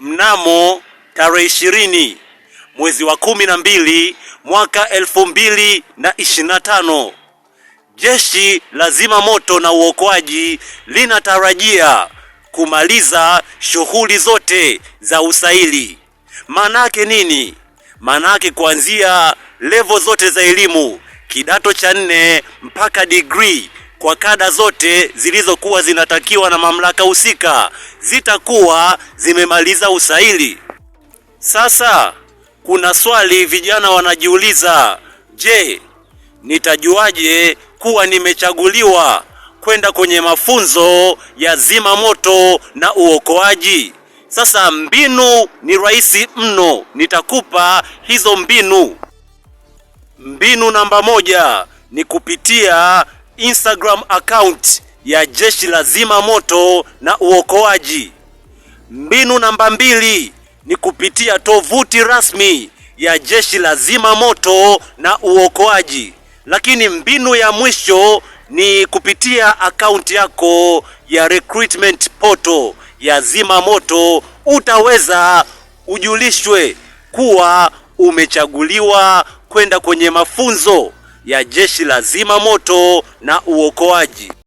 mnamo tarehe ishirini mwezi wa kumi na mbili mwaka elfu mbili na ishirini na tano jeshi la zimamoto na uokoaji linatarajia kumaliza shughuli zote za usaili. Maanake nini? Maanake kuanzia levo zote za elimu kidato cha nne mpaka degree kwa kada zote zilizokuwa zinatakiwa na mamlaka husika zitakuwa zimemaliza usaili. Sasa kuna swali vijana wanajiuliza, je, nitajuaje kuwa nimechaguliwa kwenda kwenye mafunzo ya zima moto na uokoaji? Sasa mbinu ni rahisi mno, nitakupa hizo mbinu. Mbinu namba moja ni kupitia Instagram account ya jeshi la zima moto na uokoaji. Mbinu namba mbili ni kupitia tovuti rasmi ya jeshi la zima moto na uokoaji. Lakini mbinu ya mwisho ni kupitia akaunti yako ya recruitment portal ya zima moto, utaweza ujulishwe kuwa umechaguliwa kwenda kwenye mafunzo ya Jeshi la Zimamoto na Uokoaji.